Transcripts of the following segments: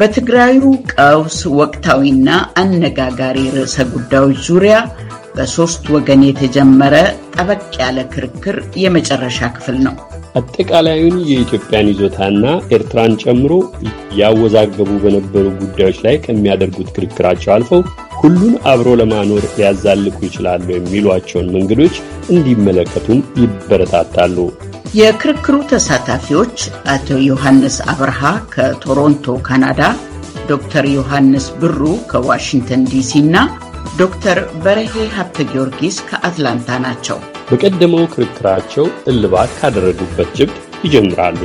በትግራዩ ቀውስ ወቅታዊና አነጋጋሪ ርዕሰ ጉዳዮች ዙሪያ በሶስት ወገን የተጀመረ ጠበቅ ያለ ክርክር የመጨረሻ ክፍል ነው። አጠቃላዩን የኢትዮጵያን ይዞታና ኤርትራን ጨምሮ ያወዛገቡ በነበሩ ጉዳዮች ላይ ከሚያደርጉት ክርክራቸው አልፈው ሁሉን አብሮ ለማኖር ሊያዛልቁ ይችላሉ የሚሏቸውን መንገዶች እንዲመለከቱም ይበረታታሉ። የክርክሩ ተሳታፊዎች አቶ ዮሐንስ አብርሃ ከቶሮንቶ ካናዳ፣ ዶክተር ዮሐንስ ብሩ ከዋሽንግተን ዲሲ እና ዶክተር በረሄ ሀብተ ጊዮርጊስ ከአትላንታ ናቸው። በቀደመው ክርክራቸው እልባት ካደረጉበት ጭብጥ ይጀምራሉ።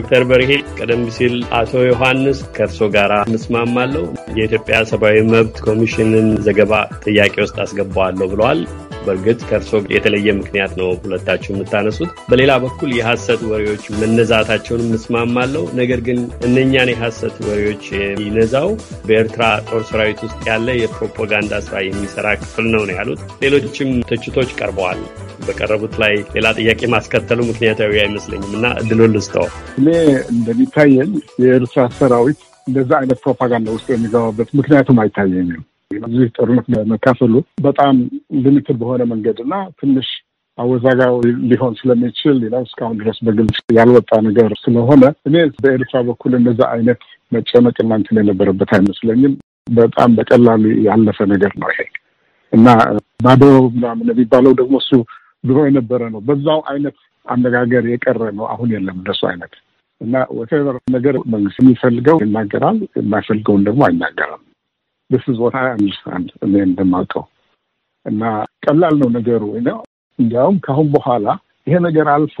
ዶክተር በርሄ ቀደም ሲል አቶ ዮሐንስ ከእርሶ ጋር እንስማማለሁ የኢትዮጵያ ሰብአዊ መብት ኮሚሽንን ዘገባ ጥያቄ ውስጥ አስገባዋለሁ ብለዋል። በእርግጥ ከእርሶ የተለየ ምክንያት ነው ሁለታችሁ የምታነሱት። በሌላ በኩል የሐሰት ወሬዎች መነዛታቸውን የምስማማለው። ነገር ግን እነኛን የሐሰት ወሬዎች የሚነዛው በኤርትራ ጦር ሰራዊት ውስጥ ያለ የፕሮፓጋንዳ ስራ የሚሰራ ክፍል ነው ነው ያሉት። ሌሎችም ትችቶች ቀርበዋል። በቀረቡት ላይ ሌላ ጥያቄ ማስከተሉ ምክንያታዊ አይመስለኝም እና እድሉን ልስጠው። እኔ እንደሚታየኝ የኤርትራ ሰራዊት እንደዛ አይነት ፕሮፓጋንዳ ውስጥ የሚገባበት ምክንያቱም አይታየኝም። በዚህ ጦርነት መካፈሉ በጣም ሊሚትድ በሆነ መንገድ እና ትንሽ አወዛጋቢ ሊሆን ስለሚችል ነው እስካሁን ድረስ በግልጽ ያልወጣ ነገር ስለሆነ እኔ በኤርትራ በኩል እንደዛ አይነት መጨመቅ እናንትን የነበረበት አይመስለኝም። በጣም በቀላሉ ያለፈ ነገር ነው ይሄ እና ባዶ ምናምን የሚባለው ደግሞ እሱ ድሮ የነበረ ነው። በዛው አይነት አነጋገር የቀረ ነው። አሁን የለም እንደሱ አይነት እና ወቴቨር ነገር መንግስት የሚፈልገው ይናገራል፣ የማይፈልገውን ደግሞ አይናገራል። ስ ዝ ዋት አይ አንደርስታንድ እኔ እንደማውቀው እና ቀላል ነው ነገሩ ነው። እንዲያውም ከአሁን በኋላ ይሄ ነገር አልፎ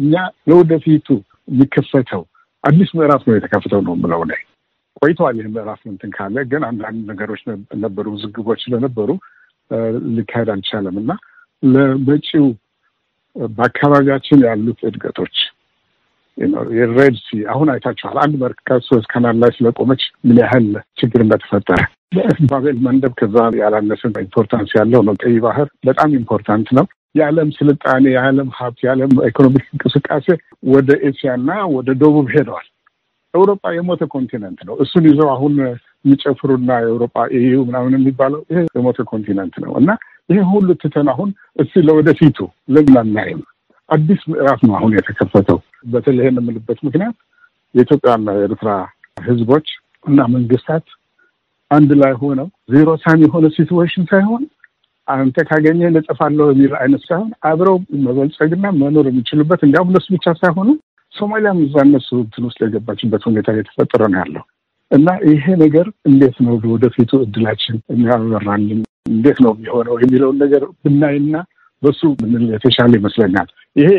እኛ ለወደፊቱ የሚከፈተው አዲስ ምዕራፍ ነው የተከፍተው ነው ምለው ላይ ቆይተዋል። ይህ ምዕራፍ እንትን ካለ ግን አንዳንድ ነገሮች ነበሩ፣ ውዝግቦች ስለነበሩ ሊካሄድ አልቻለም እና ለመጪው በአካባቢያችን ያሉት እድገቶች የሬድ ሲ አሁን አይታችኋል። አንድ መርከብ ሶስት ካናል ላይ ስለቆመች ምን ያህል ችግር እንደተፈጠረ በባቤል መንደብ ከዛ ያላነሰ ኢምፖርታንስ ያለው ነው። ቀይ ባህር በጣም ኢምፖርታንት ነው። የዓለም ስልጣኔ፣ የዓለም ሀብት፣ የዓለም ኢኮኖሚክ እንቅስቃሴ ወደ ኤስያና ወደ ደቡብ ሄደዋል። ኤውሮጳ የሞተ ኮንቲነንት ነው። እሱን ይዘው አሁን የሚጨፍሩና የኤውሮጳ ኢዩ ምናምን የሚባለው ይሄ የሞተ ኮንቲነንት ነው እና ይሄ ሁሉ ትተን አሁን እስኪ ለወደፊቱ ለምን አናይም? አዲስ ምዕራፍ ነው አሁን የተከፈተው። በተለይ ይሄን የምልበት ምክንያት የኢትዮጵያና የኤርትራ ህዝቦች እና መንግስታት አንድ ላይ ሆነው ዜሮ ሳም የሆነ ሲትዌሽን ሳይሆን አንተ ካገኘ ልጠፋለሁ የሚል አይነት ሳይሆን አብረው መበልጸግና መኖር የሚችሉበት እንዲያውም እነሱ ብቻ ሳይሆኑ ሶማሊያም እዛ እነሱ እንትን ውስጥ የገባችበት ሁኔታ እየተፈጠረ ነው ያለው እና ይሄ ነገር እንዴት ነው ወደፊቱ እድላችን የሚያበራልን እንዴት ነው የሚሆነው የሚለውን ነገር ብናይና በሱ ምንል የተሻለ ይመስለኛል። ይሄ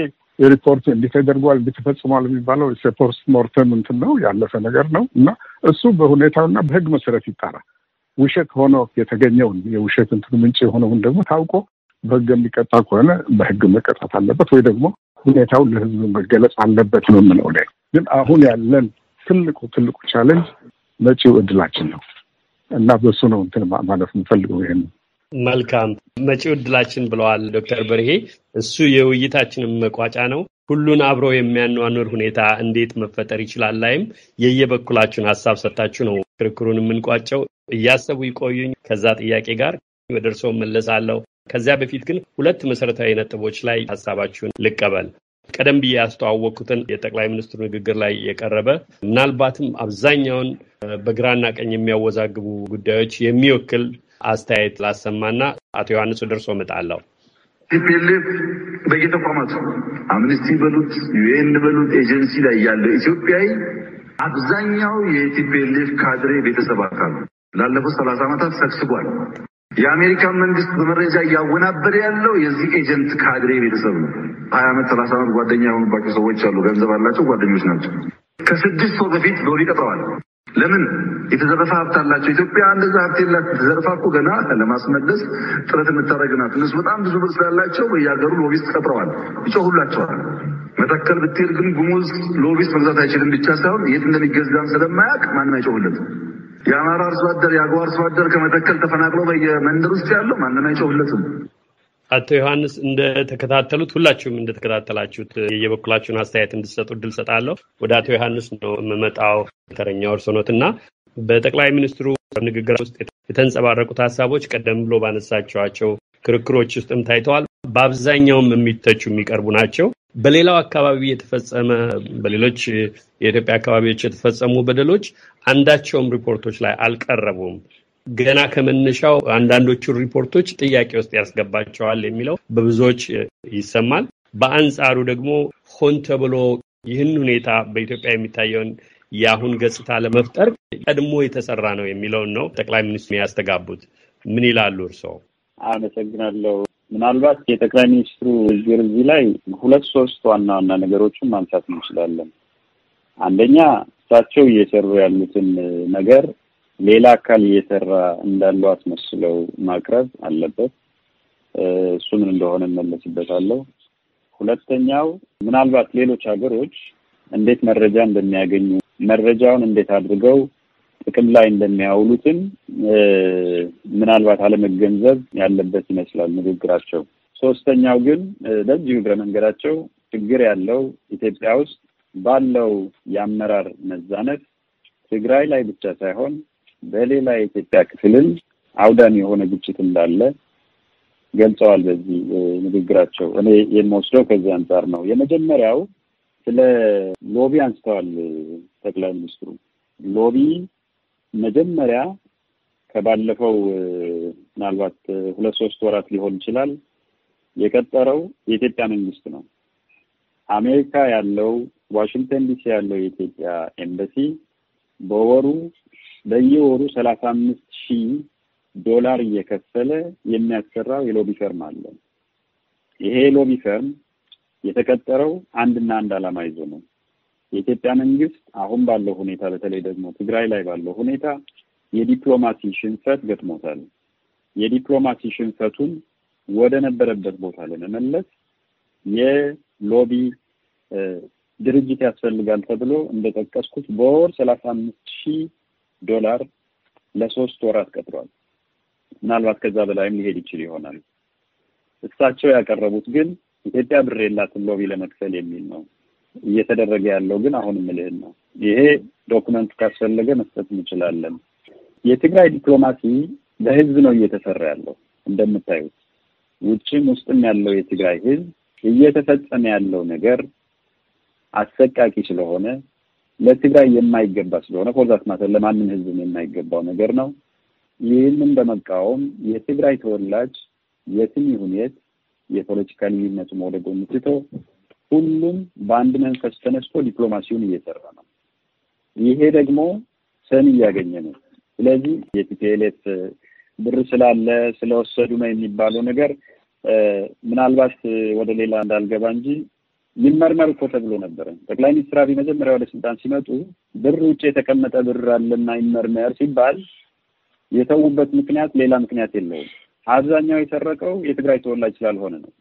የሪፖርት እንዲህ ተደርጓል እንዲህ ተፈጽሟል የሚባለው ፖስት ሞርተም እንትን ነው ያለፈ ነገር ነው እና እሱ በሁኔታውና በህግ መሰረት ይጣራ ውሸት ሆኖ የተገኘውን የውሸት እንትን ምንጭ የሆነውን ደግሞ ታውቆ በህግ የሚቀጣ ከሆነ በህግ መቀጣት አለበት ወይ ደግሞ ሁኔታው ለህዝብ መገለጽ አለበት ነው የምለው። ላይ ግን አሁን ያለን ትልቁ ትልቁ ቻለንጅ መጪው እድላችን ነው እና በሱ ነው እንትን ማለት የምፈልገው ይሄን መልካም መጪው እድላችን ብለዋል ዶክተር በርሄ። እሱ የውይይታችንን መቋጫ ነው። ሁሉን አብረው የሚያኗኑር ሁኔታ እንዴት መፈጠር ይችላል ላይም የየበኩላችሁን ሀሳብ ሰጥታችሁ ነው ክርክሩን የምንቋጨው። እያሰቡ ይቆዩኝ። ከዛ ጥያቄ ጋር ወደ እርስዎ መለሳለሁ። ከዚያ በፊት ግን ሁለት መሰረታዊ ነጥቦች ላይ ሀሳባችሁን ልቀበል። ቀደም ብዬ ያስተዋወቅኩትን የጠቅላይ ሚኒስትሩ ንግግር ላይ የቀረበ ምናልባትም አብዛኛውን በግራና ቀኝ የሚያወዛግቡ ጉዳዮች የሚወክል አስተያየት ላሰማና አቶ ዮሐንሱ ደርሶ እመጣለሁ። ቲፒኤልኤፍ በየተቋማቱ አምኒስቲ በሉት ዩኤን በሉት ኤጀንሲ ላይ ያለ ኢትዮጵያዊ አብዛኛው የቲፒኤልኤፍ ካድሬ ቤተሰብ አካል ላለፉት ሰላሳ ዓመታት ሰግስጓል። የአሜሪካ መንግስት በመረጃ እያወናበር ያለው የዚህ ኤጀንት ካድሬ ቤተሰብ ነው። ሀያ ዓመት ሰላሳ ዓመት ጓደኛ የሆኑባቸው ሰዎች አሉ። ገንዘብ አላቸው፣ ጓደኞች ናቸው። ከስድስት ሰው በፊት ሎሪ ቀጥረዋል። ለምን የተዘረፈ ሀብት አላቸው? ኢትዮጵያ እንደዛ ሀብት የላት። ተዘረፋ እኮ ገና ለማስመለስ ጥረት የምታደርግ ናት። እነሱ በጣም ብዙ ብር ስላላቸው በየሀገሩ ሎቢስት ቀጥረዋል፣ ይጮሁላቸዋል። መተከል ብትሄድ ግን ጉሙዝ ሎቢስት መግዛት አይችልም ብቻ ሳይሆን የት እንደሚገዛም ስለማያውቅ ማንም አይጮሁለትም። የአማራ አርሶ አደር፣ የአገው አርሶ አደር ከመተከል ተፈናቅሎ በየመንደር ውስጥ ያለው ማንም አይጮሁለትም። አቶ ዮሐንስ እንደተከታተሉት ሁላችሁም እንደተከታተላችሁት የበኩላችሁን አስተያየት እንድሰጡ እድል ሰጣለሁ። ወደ አቶ ዮሐንስ ነው የምመጣው። ተረኛው እርስዎ ኖት እና በጠቅላይ ሚኒስትሩ ንግግር ውስጥ የተንጸባረቁት ሀሳቦች ቀደም ብሎ ባነሳቸዋቸው ክርክሮች ውስጥም ታይተዋል። በአብዛኛውም የሚተቹ የሚቀርቡ ናቸው። በሌላው አካባቢ የተፈጸመ በሌሎች የኢትዮጵያ አካባቢዎች የተፈጸሙ በደሎች አንዳቸውም ሪፖርቶች ላይ አልቀረቡም። ገና ከመነሻው አንዳንዶቹ ሪፖርቶች ጥያቄ ውስጥ ያስገባቸዋል የሚለው በብዙዎች ይሰማል። በአንጻሩ ደግሞ ሆን ተብሎ ይህን ሁኔታ በኢትዮጵያ የሚታየውን የአሁን ገጽታ ለመፍጠር ቀድሞ የተሰራ ነው የሚለውን ነው ጠቅላይ ሚኒስትሩ ያስተጋቡት። ምን ይላሉ እርስዎ? አመሰግናለሁ። ምናልባት የጠቅላይ ሚኒስትሩ እግር እዚህ ላይ ሁለት ሶስት ዋና ዋና ነገሮችን ማንሳት እንችላለን። አንደኛ እሳቸው እየሰሩ ያሉትን ነገር ሌላ አካል እየሰራ እንዳለው አስመስለው ማቅረብ አለበት። እሱ ምን እንደሆነ እመለስበታለሁ። ሁለተኛው ምናልባት ሌሎች ሀገሮች እንዴት መረጃ እንደሚያገኙ መረጃውን እንዴት አድርገው ጥቅም ላይ እንደሚያውሉትን ምናልባት አለመገንዘብ ያለበት ይመስላል ንግግራቸው። ሶስተኛው ግን ለዚሁ እግረ መንገዳቸው ችግር ያለው ኢትዮጵያ ውስጥ ባለው የአመራር መዛነት ትግራይ ላይ ብቻ ሳይሆን በሌላ የኢትዮጵያ ክፍልም አውዳሚ የሆነ ግጭት እንዳለ ገልጸዋል። በዚህ ንግግራቸው እኔ የምወስደው ከዚህ አንጻር ነው። የመጀመሪያው ስለ ሎቢ አንስተዋል ጠቅላይ ሚኒስትሩ። ሎቢ መጀመሪያ ከባለፈው ምናልባት ሁለት ሶስት ወራት ሊሆን ይችላል የቀጠረው የኢትዮጵያ መንግስት ነው። አሜሪካ ያለው ዋሽንግተን ዲሲ ያለው የኢትዮጵያ ኤምበሲ በወሩ በየወሩ ሰላሳ አምስት ሺህ ዶላር እየከፈለ የሚያሰራው የሎቢ ፈርም አለ። ይሄ ሎቢ ፈርም የተቀጠረው አንድና አንድ ዓላማ ይዞ ነው። የኢትዮጵያ መንግስት አሁን ባለው ሁኔታ በተለይ ደግሞ ትግራይ ላይ ባለው ሁኔታ የዲፕሎማሲ ሽንፈት ገጥሞታል። የዲፕሎማሲ ሽንፈቱን ወደ ነበረበት ቦታ ለመመለስ የሎቢ ድርጅት ያስፈልጋል ተብሎ እንደጠቀስኩት በወር ሰላሳ አምስት ሺህ ዶላር ለሶስት ወራት ቀጥሯል። ምናልባት ከዛ በላይም ሊሄድ ይችል ይሆናል። እሳቸው ያቀረቡት ግን ኢትዮጵያ ብር የላትም ሎቢ ለመክፈል የሚል ነው። እየተደረገ ያለው ግን አሁንም ምልህን ነው። ይሄ ዶክመንት ካስፈለገ መስጠት እንችላለን። የትግራይ ዲፕሎማሲ ለህዝብ ነው እየተሰራ ያለው። እንደምታዩት ውጭም ውስጥም ያለው የትግራይ ህዝብ እየተፈጸመ ያለው ነገር አሰቃቂ ስለሆነ ለትግራይ የማይገባ ስለሆነ ፎርዛት ማተር ለማንም ህዝብ የማይገባው ነገር ነው። ይህንን በመቃወም የትግራይ ተወላጅ የትም ይሁን የት የፖለቲካ ልዩነቱ ወደ ጎን ትቶ ሁሉም በአንድ መንፈስ ተነስቶ ዲፕሎማሲውን እየሰራ ነው። ይሄ ደግሞ ሰሚ እያገኘ ነው። ስለዚህ የቲፒኤልኤፍ ብር ስላለ ስለወሰዱ ነው የሚባለው ነገር ምናልባት ወደ ሌላ እንዳልገባ እንጂ ይመርመር እኮ ተብሎ ነበረ። ጠቅላይ ሚኒስትር አብይ መጀመሪያ ወደ ስልጣን ሲመጡ ብር ውጭ የተቀመጠ ብር አለና ይመርመር ሲባል የተዉበት ምክንያት ሌላ ምክንያት የለውም። አብዛኛው የሰረቀው የትግራይ ተወላጅ ስላልሆነ ነው።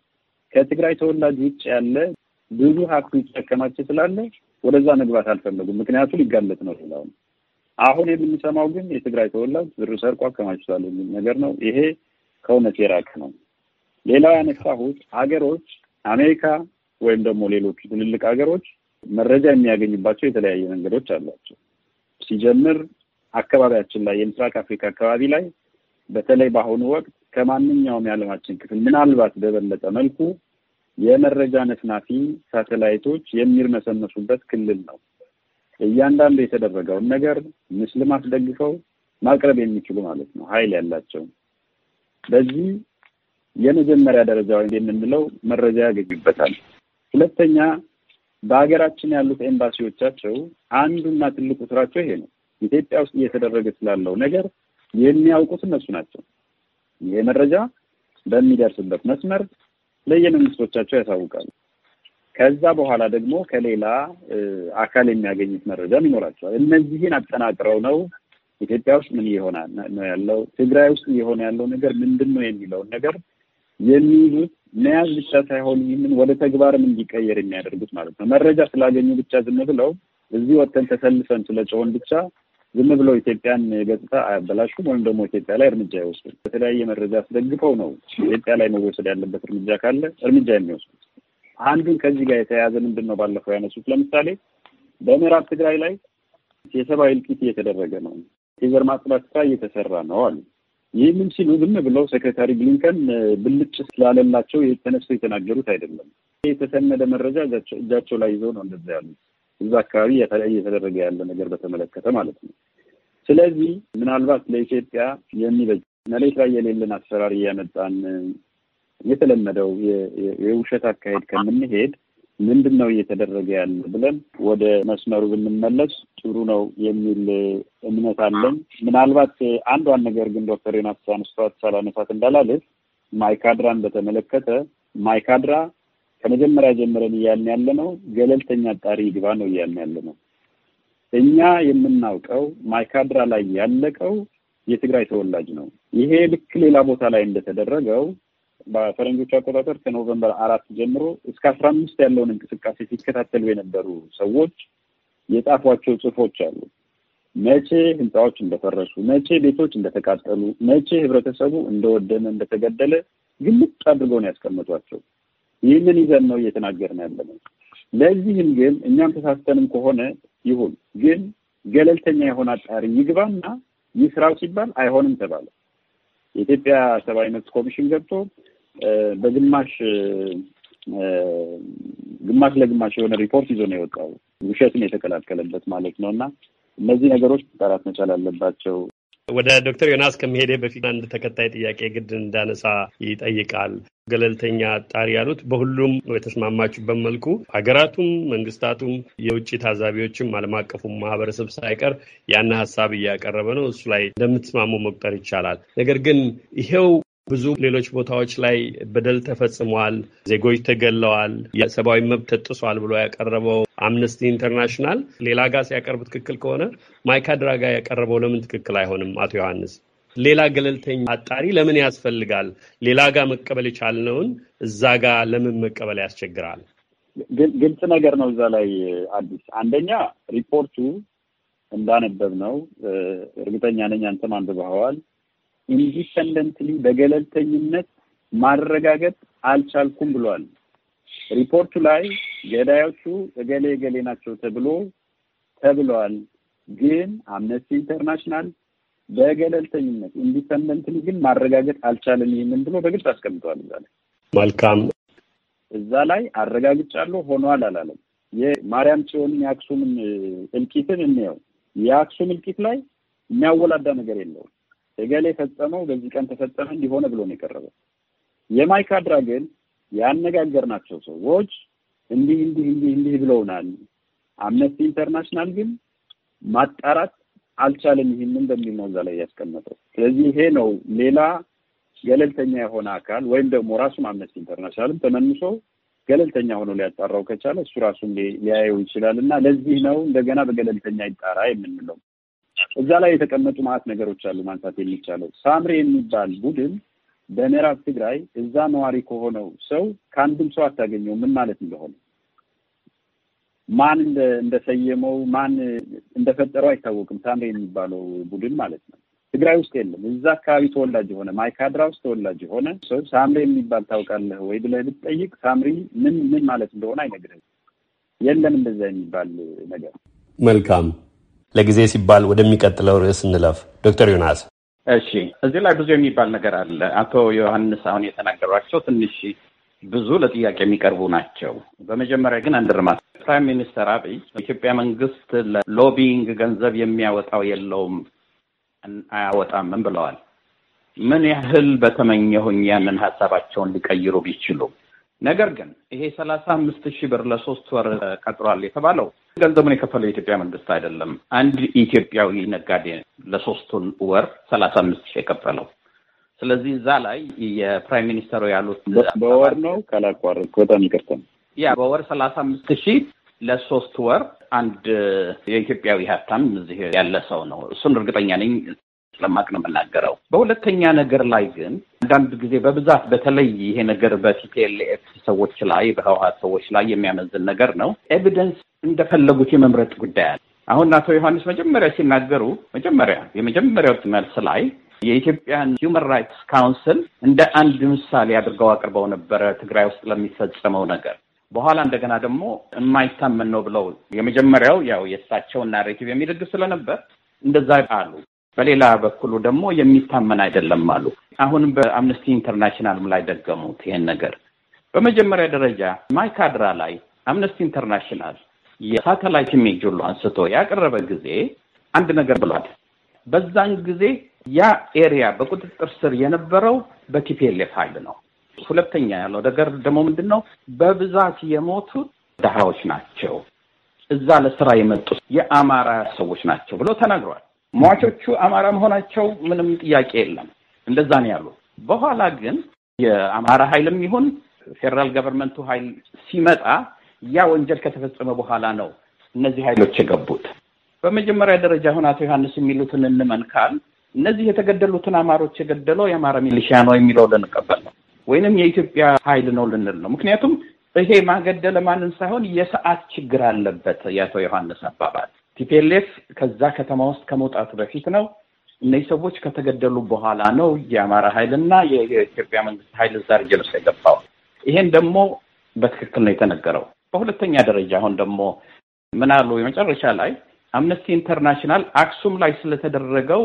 ከትግራይ ተወላጅ ውጭ ያለ ብዙ ሀብት ውጭ ስላለ ወደዛ መግባት አልፈለጉም። ምክንያቱ ሊጋለጥ ነው ሌላው አሁን የምንሰማው ግን የትግራይ ተወላጅ ብር ሰርቆ አከማችቷል የሚል ነገር ነው። ይሄ ከእውነት የራቀ ነው። ሌላው ያነሳሁት ሀገሮች አሜሪካ ወይም ደግሞ ሌሎቹ ትልልቅ ሀገሮች መረጃ የሚያገኙባቸው የተለያየ መንገዶች አሏቸው። ሲጀምር አካባቢያችን ላይ የምስራቅ አፍሪካ አካባቢ ላይ በተለይ በአሁኑ ወቅት ከማንኛውም የዓለማችን ክፍል ምናልባት በበለጠ መልኩ የመረጃ ነፍናፊ ሳተላይቶች የሚርመሰመሱበት ክልል ነው። እያንዳንዱ የተደረገውን ነገር ምስልም አስደግፈው ማቅረብ የሚችሉ ማለት ነው፣ ኃይል ያላቸው በዚህ የመጀመሪያ ደረጃ የምንለው መረጃ ያገኙበታል። ሁለተኛ በሀገራችን ያሉት ኤምባሲዎቻቸው አንዱና ትልቁ ስራቸው ይሄ ነው። ኢትዮጵያ ውስጥ እየተደረገ ስላለው ነገር የሚያውቁት እነሱ ናቸው። ይሄ መረጃ በሚደርስበት መስመር ለየመንግስቶቻቸው ያሳውቃሉ። ከዛ በኋላ ደግሞ ከሌላ አካል የሚያገኙት መረጃም ይኖራቸዋል። እነዚህን አጠናቅረው ነው ኢትዮጵያ ውስጥ ምን እየሆነ ነው ያለው፣ ትግራይ ውስጥ እየሆነ ያለው ነገር ምንድን ነው የሚለውን ነገር የሚይዙት መያዝ ብቻ ሳይሆን ይህንን ወደ ተግባርም እንዲቀየር የሚያደርጉት ማለት ነው። መረጃ ስላገኙ ብቻ ዝም ብለው እዚህ ወጥተን ተሰልፈን ስለጮሆን ብቻ ዝም ብለው ኢትዮጵያን ገጽታ አያበላሹም ወይም ደግሞ ኢትዮጵያ ላይ እርምጃ ይወስዱ። በተለያየ መረጃ አስደግፈው ነው ኢትዮጵያ ላይ መወሰድ ያለበት እርምጃ ካለ እርምጃ የሚወስዱት። አንዱን ከዚህ ጋር የተያያዘ ምንድን ነው ባለፈው ያነሱት፣ ለምሳሌ በምዕራብ ትግራይ ላይ የሰብአዊ እልቂት እየተደረገ ነው፣ የዘር ማጽዳት ስራ እየተሰራ ነው አሉ። ይህንን ሲሉ ዝም ብለው ሴክሬታሪ ብሊንከን ብልጭ ስላለላቸው የተነሱ የተናገሩት አይደለም። የተሰነደ መረጃ እጃቸው ላይ ይዘው ነው እንደዛ ያሉት። እዛ አካባቢ እየተደረገ ያለ ነገር በተመለከተ ማለት ነው። ስለዚህ ምናልባት ለኢትዮጵያ የሚበጅ መሬት ላይ የሌለን አሰራር እያመጣን የተለመደው የውሸት አካሄድ ከምንሄድ ምንድን ነው እየተደረገ ያለ ብለን ወደ መስመሩ ብንመለስ ጥሩ ነው የሚል እምነት አለን። ምናልባት አንዷን ነገር ግን ዶክተር ዮናስ ሳንስቷት ሳላነሳት እንዳላለፍ ማይካድራን በተመለከተ ማይካድራ ከመጀመሪያ ጀምረን እያልን ያለ ነው ገለልተኛ አጣሪ ግባ ነው እያልን ያለ ነው። እኛ የምናውቀው ማይካድራ ላይ ያለቀው የትግራይ ተወላጅ ነው። ይሄ ልክ ሌላ ቦታ ላይ እንደተደረገው በፈረንጆች አቆጣጠር ከኖቨምበር አራት ጀምሮ እስከ አስራ አምስት ያለውን እንቅስቃሴ ሲከታተሉ የነበሩ ሰዎች የጻፏቸው ጽሁፎች አሉ። መቼ ህንፃዎች እንደፈረሱ፣ መቼ ቤቶች እንደተቃጠሉ፣ መቼ ህብረተሰቡ እንደወደመ እንደተገደለ ግልጥ አድርገው ነው ያስቀምጧቸው። ይህንን ይዘን ነው እየተናገርን ያለ ነው። ለዚህም ግን እኛም ተሳስተንም ከሆነ ይሁን፣ ግን ገለልተኛ የሆነ አጣሪ ይግባና ይህ ስራው ሲባል አይሆንም ተባለ። የኢትዮጵያ ሰብአዊ መብት ኮሚሽን ገብቶ በግማሽ ግማሽ ለግማሽ የሆነ ሪፖርት ይዞ ነው የወጣው። ውሸትን የተቀላቀለበት ማለት ነው። እና እነዚህ ነገሮች መጣራት መቻል አለባቸው። ወደ ዶክተር ዮናስ ከመሄዴ በፊት አንድ ተከታይ ጥያቄ ግድ እንዳነሳ ይጠይቃል። ገለልተኛ አጣሪ ያሉት በሁሉም የተስማማችሁበት መልኩ ሀገራቱም መንግስታቱም የውጭ ታዛቢዎችም ዓለም አቀፉም ማህበረሰብ ሳይቀር ያን ሀሳብ እያቀረበ ነው። እሱ ላይ እንደምትስማሙ መቁጠር ይቻላል። ነገር ግን ይሄው ብዙ ሌሎች ቦታዎች ላይ በደል ተፈጽሟል፣ ዜጎች ተገለዋል፣ የሰብአዊ መብት ተጥሷል ብሎ ያቀረበው አምነስቲ ኢንተርናሽናል ሌላ ጋር ሲያቀርብ ትክክል ከሆነ ማይካድራ ጋር ያቀረበው ለምን ትክክል አይሆንም? አቶ ዮሐንስ ሌላ ገለልተኛ አጣሪ ለምን ያስፈልጋል? ሌላ ጋር መቀበል የቻልነውን እዛ ጋር ለምን መቀበል ያስቸግራል? ግልጽ ነገር ነው። እዛ ላይ አዲስ አንደኛ ሪፖርቱ እንዳነበብ ነው እርግጠኛ ነኝ አንተም አንብበኸዋል ኢንዲፐንደንትሊ በገለልተኝነት ማረጋገጥ አልቻልኩም ብሏል። ሪፖርቱ ላይ ገዳዮቹ እገሌ እገሌ ናቸው ተብሎ ተብለዋል። ግን አምነስቲ ኢንተርናሽናል በገለልተኝነት ኢንዲፐንደንትሊ ግን ማረጋገጥ አልቻለም ይህንን ብሎ በግልጽ አስቀምጠዋል። እዛ ላይ መልካም እዛ ላይ አረጋግጫለሁ ሆኗል አላለም። የማርያም ጽዮንን የአክሱምን እልቂትን እንየው። የአክሱም እልቂት ላይ የሚያወላዳ ነገር የለውም። እገሌ የፈጸመው በዚህ ቀን ተፈጸመ እንዲሆነ ብሎ ነው የቀረበው። የማይካድራ ግን ያነጋገርናቸው ሰዎች እንዲህ እንዲህ እንዲህ እንዲህ ብለውናል፣ አምነስቲ ኢንተርናሽናል ግን ማጣራት አልቻለም ይህንን በሚል ነው እዛ ላይ ያስቀመጠው። ስለዚህ ይሄ ነው ሌላ ገለልተኛ የሆነ አካል ወይም ደግሞ ራሱን አምነስቲ ኢንተርናሽናልም ተመልሶ ገለልተኛ ሆኖ ሊያጣራው ከቻለ እሱ ራሱን ሊያየው ይችላል እና ለዚህ ነው እንደገና በገለልተኛ ይጣራ የምንለው። እዛ ላይ የተቀመጡ ማለት ነገሮች አሉ ማንሳት የሚቻለው ሳምሬ የሚባል ቡድን በምዕራብ ትግራይ እዛ ነዋሪ ከሆነው ሰው ከአንድም ሰው አታገኘው ምን ማለት እንደሆነ ማን እንደሰየመው ማን እንደፈጠረው አይታወቅም። ሳምሬ የሚባለው ቡድን ማለት ነው። ትግራይ ውስጥ የለም። እዛ አካባቢ ተወላጅ የሆነ ማይካድራ ውስጥ ተወላጅ የሆነ ሰው ሳምሬ የሚባል ታውቃለህ ወይ ብለህ ብትጠይቅ ሳምሪ ምን ምን ማለት እንደሆነ አይነግርህም። የለም እንደዛ የሚባል ነገር። መልካም ለጊዜ ሲባል ወደሚቀጥለው ርዕስ እንለፍ። ዶክተር ዮናስ እሺ፣ እዚህ ላይ ብዙ የሚባል ነገር አለ። አቶ ዮሐንስ አሁን የተናገሯቸው ትንሽ ብዙ ለጥያቄ የሚቀርቡ ናቸው። በመጀመሪያ ግን አንድ ርማት ፕራይም ሚኒስተር አብይ ኢትዮጵያ መንግስት ለሎቢንግ ገንዘብ የሚያወጣው የለውም አያወጣምም ብለዋል። ምን ያህል በተመኘሁኝ ያንን ሀሳባቸውን ሊቀይሩ ቢችሉ ነገር ግን ይሄ ሰላሳ አምስት ሺህ ብር ለሶስት ወር ቀጥሯል የተባለው ገንዘቡን የከፈለው የኢትዮጵያ መንግስት አይደለም። አንድ ኢትዮጵያዊ ነጋዴ ለሶስቱን ወር ሰላሳ አምስት ሺህ የከፈለው። ስለዚህ እዛ ላይ የፕራይም ሚኒስተሩ ያሉት በወር ነው ካላቋረጥ በጣም ይቅርታል። ያ በወር ሰላሳ አምስት ሺህ ለሶስት ወር አንድ የኢትዮጵያዊ ሀብታም እዚህ ያለ ሰው ነው። እሱን እርግጠኛ ነኝ ስለማቅ ነው የምናገረው። በሁለተኛ ነገር ላይ ግን አንዳንድ ጊዜ በብዛት በተለይ ይሄ ነገር በቲፒኤልኤፍ ሰዎች ላይ በህወሀት ሰዎች ላይ የሚያመዝን ነገር ነው። ኤቪደንስ እንደፈለጉት የመምረጥ ጉዳይ አለ። አሁን አቶ ዮሐንስ መጀመሪያ ሲናገሩ መጀመሪያ የመጀመሪያው መልስ ላይ የኢትዮጵያን ሂውማን ራይትስ ካውንስል እንደ አንድ ምሳሌ አድርገው አቅርበው ነበረ ትግራይ ውስጥ ለሚፈጸመው ነገር በኋላ እንደገና ደግሞ የማይታመን ነው ብለው የመጀመሪያው ያው የእሳቸውን ናሬቲቭ የሚደግፍ ስለነበር እንደዛ አሉ። በሌላ በኩሉ ደግሞ የሚታመን አይደለም አሉ። አሁን በአምነስቲ ኢንተርናሽናልም ላይ ደገሙት ይሄን ነገር። በመጀመሪያ ደረጃ ማይካድራ ላይ አምነስቲ ኢንተርናሽናል የሳተላይት ኢሜጅ ሁሉ አንስቶ ያቀረበ ጊዜ አንድ ነገር ብሏል። በዛን ጊዜ ያ ኤሪያ በቁጥጥር ስር የነበረው በቲፒኤልኤፍ ኃይል ነው። ሁለተኛ ያለው ነገር ደግሞ ምንድን ነው? በብዛት የሞቱት ድሃዎች ናቸው፣ እዛ ለስራ የመጡት የአማራ ሰዎች ናቸው ብሎ ተናግሯል። ሟቾቹ አማራ መሆናቸው ምንም ጥያቄ የለም። እንደዛ ነው ያሉ። በኋላ ግን የአማራ ኃይልም ይሁን ፌዴራል ገቨርንመንቱ ኃይል ሲመጣ ያ ወንጀል ከተፈጸመ በኋላ ነው እነዚህ ኃይሎች የገቡት። በመጀመሪያ ደረጃ አሁን አቶ ዮሐንስ የሚሉትን እንመንካል። እነዚህ የተገደሉትን አማሮች የገደለው የአማራ ሚሊሽያ ነው የሚለው ልንቀበል ነው ወይንም የኢትዮጵያ ኃይል ነው ልንል ነው። ምክንያቱም ይሄ ማገደለ ማንን ሳይሆን የሰዓት ችግር አለበት የአቶ ዮሐንስ አባባል ቲፒኤልኤፍ ከዛ ከተማ ውስጥ ከመውጣቱ በፊት ነው። እነዚህ ሰዎች ከተገደሉ በኋላ ነው የአማራ ኃይልና የኢትዮጵያ መንግስት ኃይል እዛ ርጀርስ የገባው። ይሄን ደግሞ በትክክል ነው የተነገረው። በሁለተኛ ደረጃ አሁን ደግሞ ምን አሉ? የመጨረሻ ላይ አምነስቲ ኢንተርናሽናል አክሱም ላይ ስለተደረገው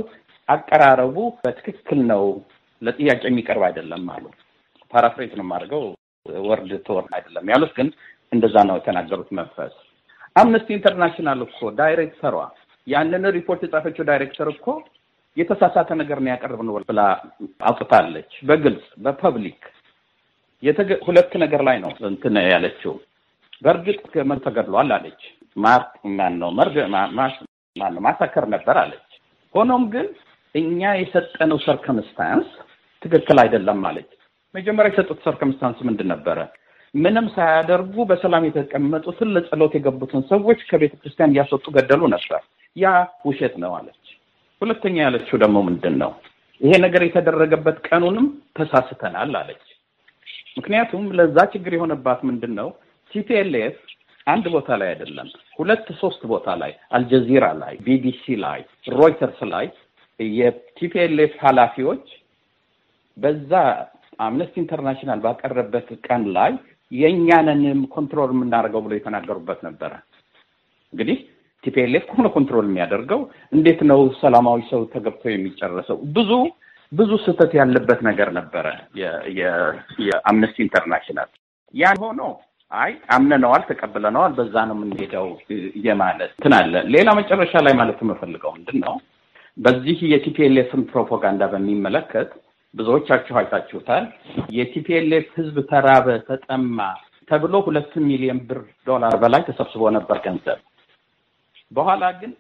አቀራረቡ በትክክል ነው፣ ለጥያቄ የሚቀርብ አይደለም አሉ። ፓራፍሬት ነው የማደርገው፣ ወርድ ተወርድ አይደለም ያሉት፣ ግን እንደዛ ነው የተናገሩት መንፈስ አምነስቲ ኢንተርናሽናል እኮ ዳይሬክተሯ ያንን ሪፖርት የጻፈችው ዳይሬክተር እኮ የተሳሳተ ነገር ነው ነው ብላ አውጥታለች። በግልጽ በፐብሊክ ሁለት ነገር ላይ ነው እንትን ያለችው። በእርግጥ መ ተገድሏል አለች። ማን ነው ማሳከር ነበር አለች። ሆኖም ግን እኛ የሰጠነው ሰርከምስታንስ ትክክል አይደለም አለች። መጀመሪያ የሰጡት ሰርከምስታንስ ምንድን ነበረ? ምንም ሳያደርጉ በሰላም የተቀመጡትን ለጸሎት የገቡትን ሰዎች ከቤተ ክርስቲያን እያስወጡ ገደሉ ነበር። ያ ውሸት ነው አለች። ሁለተኛ ያለችው ደግሞ ምንድን ነው? ይሄ ነገር የተደረገበት ቀኑንም ተሳስተናል አለች። ምክንያቱም ለዛ ችግር የሆነባት ምንድን ነው ሲፒኤልኤፍ አንድ ቦታ ላይ አይደለም፣ ሁለት ሶስት ቦታ ላይ አልጀዚራ ላይ፣ ቢቢሲ ላይ፣ ሮይተርስ ላይ የቲፒኤልኤፍ ኃላፊዎች በዛ አምነስቲ ኢንተርናሽናል ባቀረበት ቀን ላይ የእኛንን ኮንትሮል የምናደርገው ብሎ የተናገሩበት ነበረ። እንግዲህ ቲፒኤልኤፍ ከሆነ ኮንትሮል የሚያደርገው እንዴት ነው ሰላማዊ ሰው ተገብቶ የሚጨረሰው? ብዙ ብዙ ስህተት ያለበት ነገር ነበረ የአምነስቲ ኢንተርናሽናል። ያን ሆኖ አይ አምነነዋል፣ ተቀብለነዋል፣ በዛ ነው የምንሄደው የማለት እንትን አለ። ሌላ መጨረሻ ላይ ማለት የምፈልገው ምንድን ነው በዚህ የቲፒኤልኤፍን ፕሮፓጋንዳ በሚመለከት ብዙዎቻችሁ አይታችሁታል። የቲፒኤልኤፍ ህዝብ ተራበ፣ ተጠማ ተብሎ ሁለት ሚሊዮን ብር ዶላር በላይ ተሰብስቦ ነበር ገንዘብ። በኋላ ግን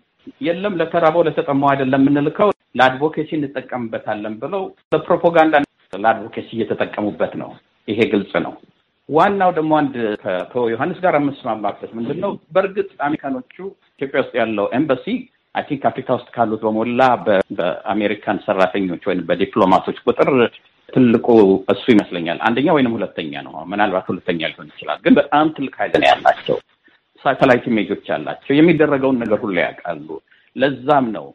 የለም ለተራበው ለተጠማው አይደለም የምንልከው ለአድቮኬሲ እንጠቀምበታለን ብለው ለፕሮፓጋንዳ ለአድቮኬሲ እየተጠቀሙበት ነው። ይሄ ግልጽ ነው። ዋናው ደግሞ አንድ ከቶ ዮሐንስ ጋር የምስማማበት ምንድን ነው፣ በእርግጥ አሜሪካኖቹ ኢትዮጵያ ውስጥ ያለው ኤምባሲ አይ ቲንክ አፍሪካ ውስጥ ካሉት በሞላ በአሜሪካን ሰራተኞች ወይም በዲፕሎማቶች ቁጥር ትልቁ እሱ ይመስለኛል። አንደኛ ወይንም ሁለተኛ ነው። ምናልባት ሁለተኛ ሊሆን ይችላል። ግን በጣም ትልቅ ኃይል ነው ያላቸው። ሳተላይት ኢሜጆች አላቸው። የሚደረገውን ነገር ሁሉ ያውቃሉ። ለዛም ነው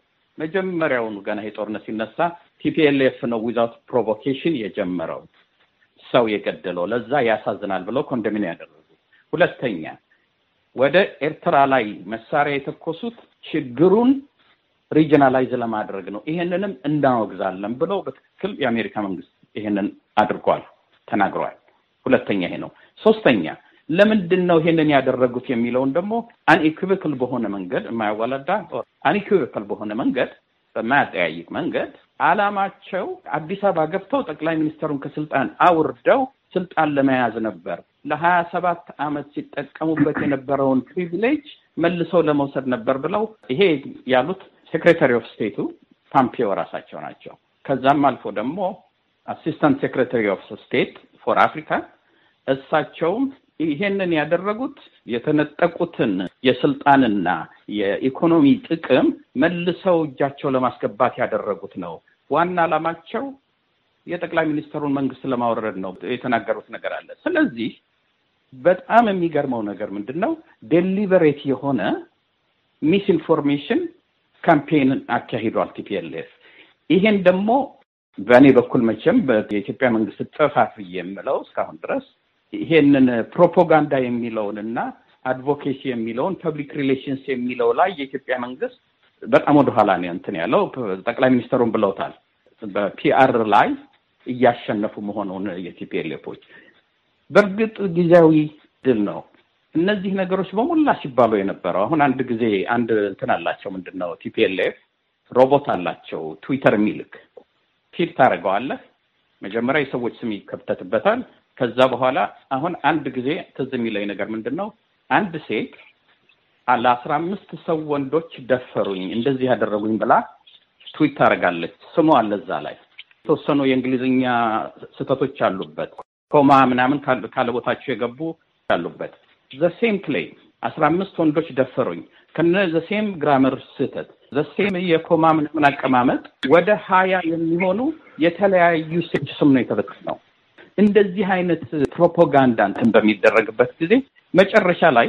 መጀመሪያውኑ ገና ይሄ ጦርነት ሲነሳ ቲፒኤልኤፍ ነው ዊዛውት ፕሮቮኬሽን የጀመረው ሰው የገደለው ለዛ ያሳዝናል ብለው ኮንደሚን ያደረጉ። ሁለተኛ ወደ ኤርትራ ላይ መሳሪያ የተኮሱት ችግሩን ሪጅናላይዝ ለማድረግ ነው፣ ይሄንንም እናወግዛለን ብለው በትክክል የአሜሪካ መንግስት ይሄንን አድርጓል፣ ተናግረዋል። ሁለተኛ ይሄ ነው። ሶስተኛ ለምንድን ነው ይሄንን ያደረጉት የሚለውን ደግሞ አንኢኩቪክል በሆነ መንገድ የማያወላዳ አንኢኩቪክል በሆነ መንገድ በማያጠያይቅ መንገድ አላማቸው አዲስ አበባ ገብተው ጠቅላይ ሚኒስትሩን ከስልጣን አውርደው ስልጣን ለመያዝ ነበር። ለሀያ ሰባት አመት ሲጠቀሙበት የነበረውን ፕሪቪሌጅ መልሰው ለመውሰድ ነበር ብለው ይሄ ያሉት ሴክሬታሪ ኦፍ ስቴቱ ፓምፒዮ ራሳቸው ናቸው። ከዛም አልፎ ደግሞ አሲስታንት ሴክሬታሪ ኦፍ ስቴት ፎር አፍሪካ እሳቸውም ይሄንን ያደረጉት የተነጠቁትን የስልጣንና የኢኮኖሚ ጥቅም መልሰው እጃቸው ለማስገባት ያደረጉት ነው። ዋና አላማቸው የጠቅላይ ሚኒስትሩን መንግስት ለማውረድ ነው የተናገሩት ነገር አለ። ስለዚህ በጣም የሚገርመው ነገር ምንድን ነው? ዴሊበሬት የሆነ ሚስ ኢንፎርሜሽን ካምፔንን አካሂዷል ቲፒኤልኤፍ። ይሄን ደግሞ በእኔ በኩል መቼም የኢትዮጵያ መንግስት ጥፋት ብዬ የምለው እስካሁን ድረስ ይሄንን ፕሮፓጋንዳ የሚለውን እና አድቮኬሲ የሚለውን ፐብሊክ ሪሌሽንስ የሚለው ላይ የኢትዮጵያ መንግስት በጣም ወደኋላ ነው እንትን ያለው። ጠቅላይ ሚኒስትሩን ብለውታል። በፒአር ላይ እያሸነፉ መሆኑን የቲፒኤልኤፎች በእርግጥ ጊዜያዊ ድል ነው። እነዚህ ነገሮች በሞላ ሲባሉ የነበረው አሁን አንድ ጊዜ አንድ እንትን አላቸው። ምንድን ነው ቲፒኤልኤፍ ሮቦት አላቸው። ትዊተር የሚልክ ፊድ ታደርገዋለህ። መጀመሪያ የሰዎች ስም ይከብተትበታል። ከዛ በኋላ አሁን አንድ ጊዜ ትዝ የሚለኝ ነገር ምንድን ነው አንድ ሴት ለአስራ አምስት ሰው ወንዶች ደፈሩኝ፣ እንደዚህ ያደረጉኝ ብላ ትዊት ታደርጋለች። ስሟ አለ እዛ ላይ የተወሰኑ የእንግሊዝኛ ስህተቶች አሉበት። ኮማ ምናምን ካለ ቦታቸው የገቡ ያሉበት ዘሴም ክሌም አስራ አምስት ወንዶች ደፈሩኝ ከነ ዘሴም ግራመር ስህተት ዘሴም የኮማ ምናምን አቀማመጥ ወደ ሀያ የሚሆኑ የተለያዩ ሴች ስም ነው ነው። እንደዚህ አይነት ፕሮፓጋንዳ እንትን በሚደረግበት ጊዜ መጨረሻ ላይ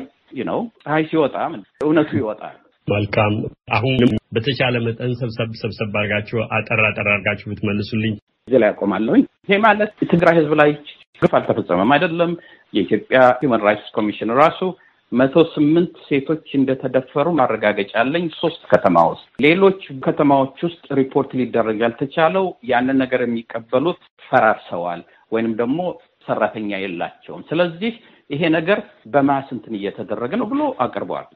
ነው ፀሐይ ሲወጣ እውነቱ ይወጣል። መልካም። አሁንም በተቻለ መጠን ሰብሰብ ሰብሰብ አድርጋችሁ አጠር አጠር አድርጋችሁ ብትመልሱልኝ እዚህ ላይ ያቆማለሁኝ። ይሄ ማለት ትግራይ ህዝብ ላይ ግፍ አልተፈጸመም አይደለም። የኢትዮጵያ ሂውማን ራይትስ ኮሚሽን ራሱ መቶ ስምንት ሴቶች እንደተደፈሩ ማረጋገጫ አለኝ ሶስት ከተማ ውስጥ። ሌሎች ከተማዎች ውስጥ ሪፖርት ሊደረግ ያልተቻለው ያንን ነገር የሚቀበሉት ፈራርሰዋል ወይንም ደግሞ ሰራተኛ የላቸውም። ስለዚህ ይሄ ነገር በማስ እንትን እየተደረገ ነው ብሎ አቅርበዋል።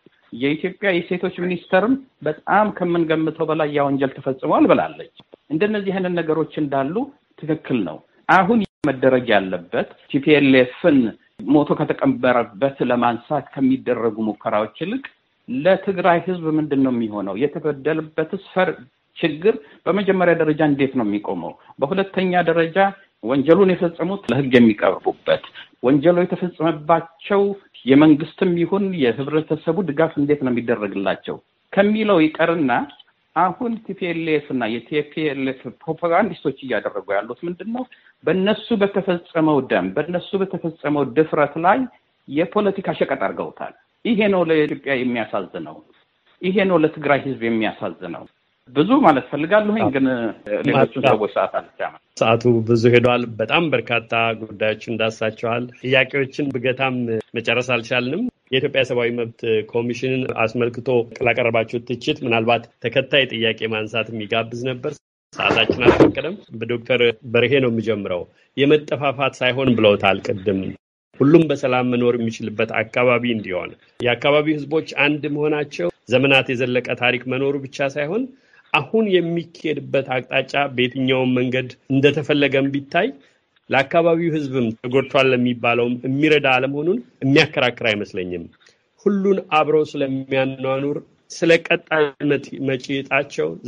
የኢትዮጵያ የሴቶች ሚኒስተርም በጣም ከምንገምተው በላይ ያ ወንጀል ተፈጽሟል ብላለች። እንደነዚህ አይነት ነገሮች እንዳሉ ትክክል ነው አሁን መደረግ ያለበት ቲፒኤልኤፍን ሞቶ ከተቀበረበት ለማንሳት ከሚደረጉ ሙከራዎች ይልቅ ለትግራይ ህዝብ ምንድን ነው የሚሆነው? የተበደለበት ስፈር ችግር በመጀመሪያ ደረጃ እንዴት ነው የሚቆመው? በሁለተኛ ደረጃ ወንጀሉን የፈጸሙት ለህግ የሚቀርቡበት ወንጀሉ የተፈጸመባቸው የመንግስትም ይሁን የህብረተሰቡ ድጋፍ እንዴት ነው የሚደረግላቸው ከሚለው ይቀርና አሁን ቲፒኤልኤፍ እና የቲፒኤልኤፍ ፕሮፓጋንዲስቶች እያደረጉ ያሉት ምንድን ነው? በነሱ በተፈጸመው ደም በነሱ በተፈጸመው ድፍረት ላይ የፖለቲካ ሸቀጥ አድርገውታል። ይሄ ነው ለኢትዮጵያ የሚያሳዝነው። ይሄ ነው ለትግራይ ህዝብ የሚያሳዝነው። ብዙ ማለት ፈልጋለሁኝ ግን ሌሎቹን ሰዎች ሰዓት አልቻ ሰዓቱ ብዙ ሄዷል። በጣም በርካታ ጉዳዮች እንዳሳቸዋል። ጥያቄዎችን ብገታም መጨረስ አልቻልንም። የኢትዮጵያ ሰብአዊ መብት ኮሚሽንን አስመልክቶ ላቀረባችሁ ትችት ምናልባት ተከታይ ጥያቄ ማንሳት የሚጋብዝ ነበር። ሰዓታችን አልፈቀደም። በዶክተር በርሄ ነው የምጀምረው። የመጠፋፋት ሳይሆን ብለውታል ቅድም ሁሉም በሰላም መኖር የሚችልበት አካባቢ እንዲሆን የአካባቢ ሕዝቦች አንድ መሆናቸው ዘመናት የዘለቀ ታሪክ መኖሩ ብቻ ሳይሆን አሁን የሚካሄድበት አቅጣጫ በየትኛውም መንገድ እንደተፈለገም ቢታይ ለአካባቢው ሕዝብም ተጎድቷል ለሚባለውም የሚረዳ አለመሆኑን የሚያከራክር አይመስለኝም። ሁሉን አብረው ስለሚያኗኑር ስለ ቀጣይ መጪ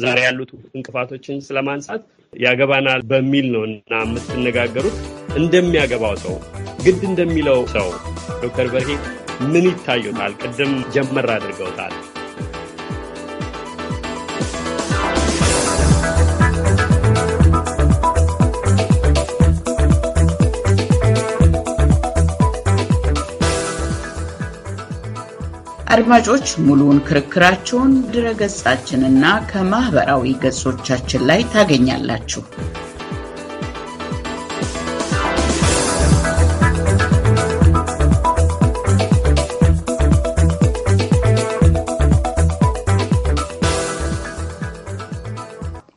ዛሬ ያሉት እንቅፋቶችን ስለማንሳት ያገባናል በሚል ነው እና የምትነጋገሩት እንደሚያገባው ሰው ግድ እንደሚለው ሰው ዶክተር በርሄ ምን ይታዩታል? ቅድም ጀመር አድርገውታል። አድማጮች ሙሉውን ክርክራቸውን ድረገጻችንና ከማኅበራዊ ገጾቻችን ላይ ታገኛላችሁ።